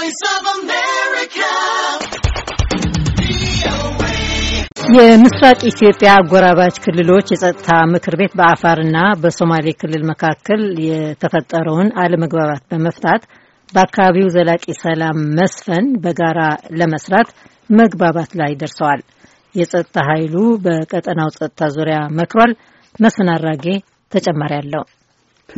Voice of America. የምስራቅ ኢትዮጵያ አጎራባች ክልሎች የጸጥታ ምክር ቤት በአፋርና በሶማሌ ክልል መካከል የተፈጠረውን አለመግባባት በመፍታት በአካባቢው ዘላቂ ሰላም መስፈን በጋራ ለመስራት መግባባት ላይ ደርሰዋል። የጸጥታ ኃይሉ በቀጠናው ጸጥታ ዙሪያ መክሯል። መስፍን አራጌ ተጨማሪ አለው።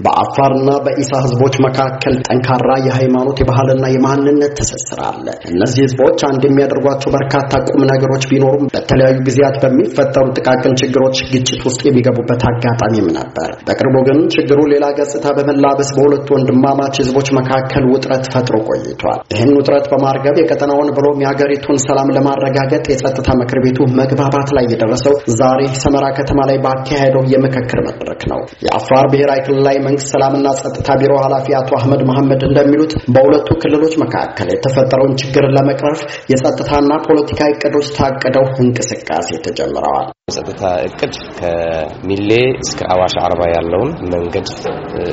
በአፋርና በኢሳ ህዝቦች መካከል ጠንካራ የሃይማኖት የባህልና የማንነት ትስስር አለ። እነዚህ ህዝቦች አንድ የሚያደርጓቸው በርካታ ቁም ነገሮች ቢኖሩም በተለያዩ ጊዜያት በሚፈጠሩ ጥቃቅን ችግሮች ግጭት ውስጥ የሚገቡበት አጋጣሚም ነበር። በቅርቡ ግን ችግሩ ሌላ ገጽታ በመላበስ በሁለቱ ወንድማማች ህዝቦች መካከል ውጥረት ፈጥሮ ቆይቷል። ይህን ውጥረት በማርገብ የቀጠናውን ብሎም የሀገሪቱን ሰላም ለማረጋገጥ የጸጥታ ምክር ቤቱ መግባባት ላይ የደረሰው ዛሬ ሰመራ ከተማ ላይ ባካሄደው የምክክር መድረክ ነው። የአፋር ብሔራዊ ክልላዊ መንግስት ሰላምና ጸጥታ ቢሮ ኃላፊ አቶ አህመድ መሐመድ እንደሚሉት በሁለቱ ክልሎች መካከል የተፈጠረውን ችግር ለመቅረፍ የጸጥታና ፖለቲካ እቅዶች ታቅደው እንቅስቃሴ ተጀምረዋል። የጸጥታ እቅድ ከሚሌ እስከ አዋሽ አርባ ያለውን መንገድ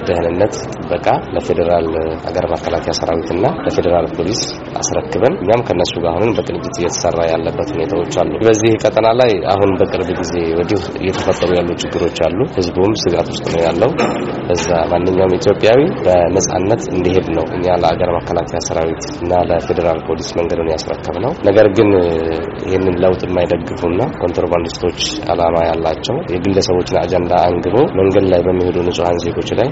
ደህንነት ጥበቃ ለፌዴራል ሀገር መከላከያ ሰራዊትና ለፌዴራል ፖሊስ አስረክበን እኛም ከነሱ ጋር አሁንም በቅንጅት እየተሰራ ያለበት ሁኔታዎች አሉ። በዚህ ቀጠና ላይ አሁን በቅርብ ጊዜ ወዲህ እየተፈጠሩ ያሉ ችግሮች አሉ። ህዝቡም ስጋት ውስጥ ነው ያለው። በዛ ማንኛውም ኢትዮጵያዊ በነጻነት እንዲሄድ ነው እኛ ለሀገር መከላከያ ሰራዊት እና ለፌዴራል ፖሊስ መንገዱን ያስረከብ ነው። ነገር ግን ይህንን ለውጥ የማይደግፉና ኮንትሮባንዲስቶች ፓርቲዎች አላማ ያላቸው የግለሰቦችን አጀንዳ አንግበው መንገድ ላይ በሚሄዱ ንጹሀን ዜጎች ላይ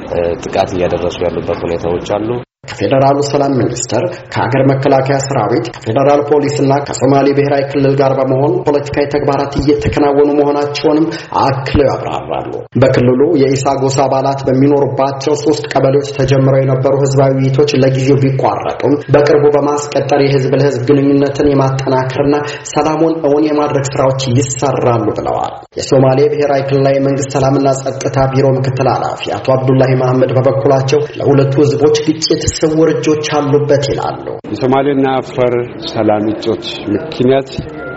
ጥቃት እያደረሱ ያሉበት ሁኔታዎች አሉ። ከፌዴራሉ ሰላም ሚኒስቴር፣ ከሀገር መከላከያ ሰራዊት፣ ከፌዴራል ፖሊስና ከሶማሌ ብሔራዊ ክልል ጋር በመሆን ፖለቲካዊ ተግባራት እየተከናወኑ መሆናቸውንም አክለው ያብራራሉ። በክልሉ የኢሳ ጎሳ አባላት በሚኖሩባቸው ሶስት ቀበሌዎች ተጀምረው የነበሩ ህዝባዊ ውይይቶች ለጊዜው ቢቋረጡም በቅርቡ በማስቀጠር የህዝብ ለህዝብ ግንኙነትን የማጠናከርና ሰላሙን እውን የማድረግ ስራዎች ይሰራሉ ብለዋል። የሶማሌ ብሔራዊ ክልላዊ መንግስት ሰላምና ጸጥታ ቢሮ ምክትል ኃላፊ አቶ አብዱላሂ መሐመድ በበኩላቸው ለሁለቱ ህዝቦች ግጭት የተሰወሩ እጆች አሉበት ይላሉ። የሶማሌና አፋር ሰላም እጦት ምክንያት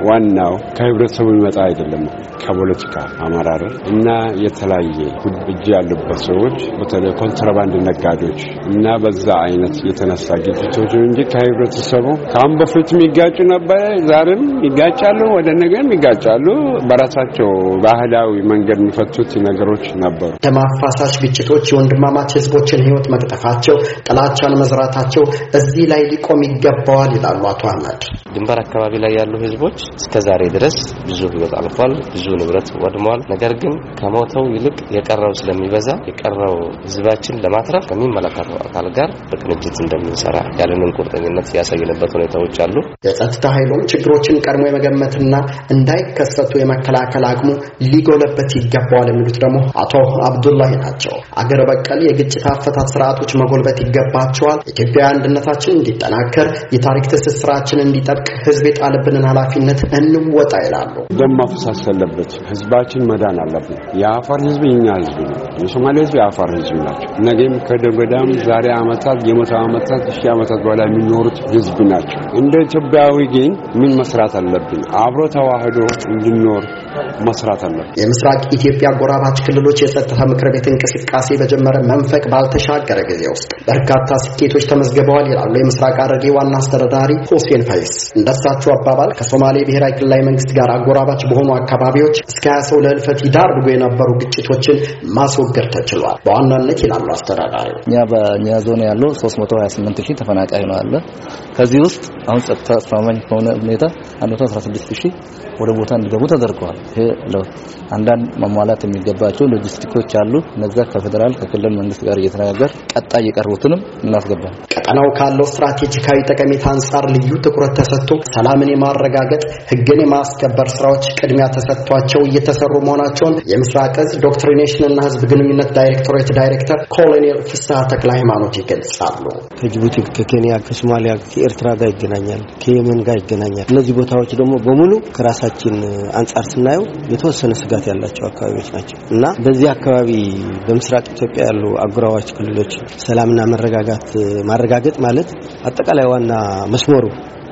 ዋናው ከህብረተሰቡ የሚመጣ አይደለም ከፖለቲካ አመራር እና የተለያየ እጅ ያሉበት ሰዎች በተለይ ኮንትራባንድ ነጋዴዎች እና በዛ አይነት የተነሳ ግጭቶች እንጂ ከህብረተሰቡ ከአሁን በፊት የሚጋጩ ነበረ። ዛሬም ይጋጫሉ፣ ወደ ነገርም ይጋጫሉ። በራሳቸው ባህላዊ መንገድ የሚፈቱት ነገሮች ነበሩ። ደም አፋሳሽ ግጭቶች የወንድማማች ህዝቦችን ህይወት መቅጠፋቸው፣ ጥላቻን መዝራታቸው እዚህ ላይ ሊቆም ይገባዋል ይላሉ አቶ አህመድ። ድንበር አካባቢ ላይ ያሉ ህዝቦች እስከ ዛሬ ድረስ ብዙ ህይወት አልፏል፣ ብዙ ንብረት ወድሟል። ነገር ግን ከሞተው ይልቅ የቀረው ስለሚበዛ የቀረው ህዝባችን ለማትረፍ ከሚመለከተው አካል ጋር በቅንጅት እንደምንሰራ ያለንን ቁርጠኝነት ያሳየንበት ሁኔታዎች አሉ። የጸጥታ ኃይሉም ችግሮችን ቀድሞ የመገመትና እንዳይከሰቱ የመከላከል አቅሙ ሊጎለበት ይገባዋል የሚሉት ደግሞ አቶ አብዱላሂ ናቸው። አገር በቀል የግጭት አፈታት ስርዓቶች መጎልበት ይገባቸዋል። ኢትዮጵያ አንድነታችን እንዲጠናከር፣ የታሪክ ትስስራችን እንዲጠብቅ ህዝብ የጣለብንን ኃላፊነት እንወጣ ይላሉ። ደም መፍሰስ አለበት። ህዝባችን መዳን አለብን። የአፋር ህዝብ የኛ ህዝብ ነው። የሶማሌ ህዝብ የአፋር ህዝብ ናቸው። ነገም ከደጎዳም ዛሬ ዓመታት የመቶ ዓመታት ሺ ዓመታት በኋላ የሚኖሩት ህዝብ ናቸው። እንደ ኢትዮጵያዊ ግን ምን መስራት አለብን? አብሮ ተዋህዶ እንድኖር መስራት አለብን። የምስራቅ ኢትዮጵያ ጎራባች ክልሎች የጸጥታ ምክር ቤት እንቅስቃሴ በጀመረ መንፈቅ ባልተሻገረ ጊዜ ውስጥ በርካታ ስኬቶች ተመዝግበዋል ይላሉ የምስራቅ ሐረርጌ ዋና አስተዳዳሪ ሁሴን ፈይስ። እንደሳቸው አባባል ከሶማሌ ከብሔራዊ ክልላዊ መንግስት ጋር አጎራባች በሆኑ አካባቢዎች እስከ ሀያ ሰው ይዳርጉ የነበሩ ግጭቶችን ማስወገድ ተችሏል። በዋናነት ይላሉ አስተዳዳሪው እኛ በእኛ ዞን ያለው 328 ሺህ ተፈናቃይ ነው አለ። ከዚህ ውስጥ አሁን ጸጥታ አስተማማኝ ከሆነ ሁኔታ 116 ሺህ ወደ ቦታ እንዲገቡ ተደርገዋል። ይሄ አንዳንድ መሟላት የሚገባቸው ሎጂስቲኮች አሉ። እነዛ ከፌዴራል ከክልል መንግስት ጋር እየተነጋገር ቀጣይ የቀርቡትንም እናስገባል። ቀጠናው ካለው ስትራቴጂካዊ ጠቀሜታ አንጻር ልዩ ትኩረት ተሰጥቶ ሰላምን የማረጋገጥ ህግን የማስከበር ስራዎች ቅድሚያ ተሰጥቷቸው እየተሰሩ መሆናቸውን የምስራቅ እዝ ዶክትሪኔሽንና ህዝብ ግንኙነት ዳይሬክቶሬት ዳይሬክተር ኮሎኔል ፍስሐ ተክለ ሃይማኖት ይገልጻሉ። ከጅቡቲ፣ ከኬንያ፣ ከሶማሊያ፣ ከኤርትራ ጋር ይገናኛል፣ ከየመን ጋር ይገናኛል። እነዚህ ቦታዎች ደግሞ በሙሉ ከራሳችን አንጻር ስናየው የተወሰነ ስጋት ያላቸው አካባቢዎች ናቸው እና በዚህ አካባቢ በምስራቅ ኢትዮጵያ ያሉ አጎራባች ክልሎች ሰላምና መረጋጋት ማረጋገጥ ማለት አጠቃላይ ዋና መስመሩ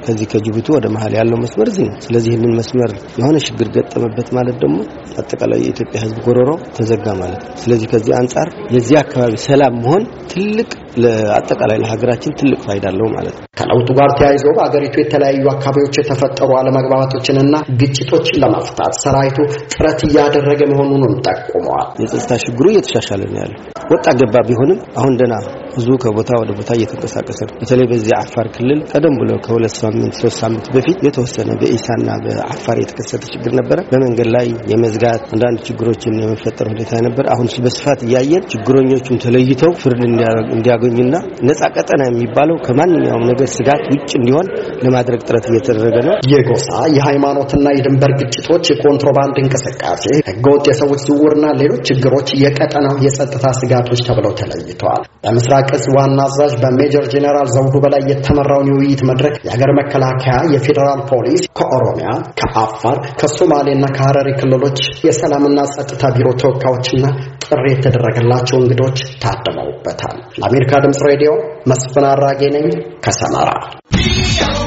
ከዚህ ከጅቡቲ ወደ መሀል ያለው መስመር እዚህ ነው። ስለዚህ ይህንን መስመር የሆነ ችግር ገጠመበት ማለት ደግሞ አጠቃላይ የኢትዮጵያ ሕዝብ ጎሮሮ ተዘጋ ማለት ነው። ስለዚህ ከዚህ አንጻር የዚህ አካባቢ ሰላም መሆን ትልቅ ለአጠቃላይ ለሀገራችን ትልቅ ፋይዳ አለው ማለት ነው። ከለውጡ ጋር ተያይዞ በሀገሪቱ የተለያዩ አካባቢዎች የተፈጠሩ አለመግባባቶችንና ግጭቶችን ለመፍታት ሰራዊቱ ጥረት እያደረገ መሆኑንም ጠቁመዋል። የጸጥታ ችግሩ እየተሻሻለ ነው ያለው ወጣ ገባ ቢሆንም አሁን ደና ብዙ ከቦታ ወደ ቦታ እየተንቀሳቀሰ ነው። በተለይ በዚህ አፋር ክልል ቀደም ብሎ ከሁለት ሳምንት ሶስት ሳምንት በፊት የተወሰነ በኢሳና በአፋር የተከሰተ ችግር ነበረ። በመንገድ ላይ የመዝጋት አንዳንድ ችግሮችን የመፈጠር ሁኔታ ነበር። አሁን በስፋት እያየን ችግረኞቹም ተለይተው ፍርድ እንዲያ እንዲያገኙና ነጻ ቀጠና የሚባለው ከማንኛውም ነገር ስጋት ውጭ እንዲሆን ለማድረግ ጥረት እየተደረገ ነው። የጎሳ የሃይማኖትና የድንበር ግጭቶች፣ የኮንትሮባንድ እንቅስቃሴ፣ ህገወጥ የሰዎች ዝውውርና ሌሎች ችግሮች የቀጠናው የጸጥታ ስጋቶች ተብለው ተለይተዋል። በምስራቅ እዝ ዋና አዛዥ በሜጀር ጄኔራል ዘውዱ በላይ የተመራውን የውይይት መድረክ የሀገር መከላከያ፣ የፌዴራል ፖሊስ ከኦሮሚያ፣ ከአፋር፣ ከሶማሌና ከሀረሪ ክልሎች የሰላምና ጸጥታ ቢሮ ተወካዮችና ጥሪ የተደረገላቸው እንግዶች ታድመውበታል። ለአሜሪካ ድምፅ ሬዲዮ መስፍን አራጌ ነኝ ከሰመራ